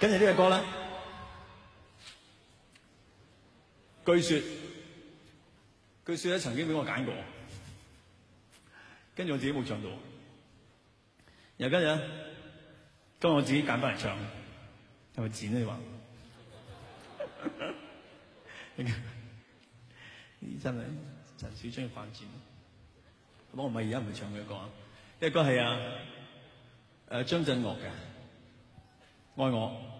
跟住呢個歌咧，據說據說咧曾經俾我揀過，跟住我自己冇唱到，又跟住咧，跟住我自己揀翻嚟唱，係咪剪你話？你真係陳小春要反剪，我我咪而家唔咪唱佢，這個歌是，啊，呢個係啊誒張震岳嘅愛我。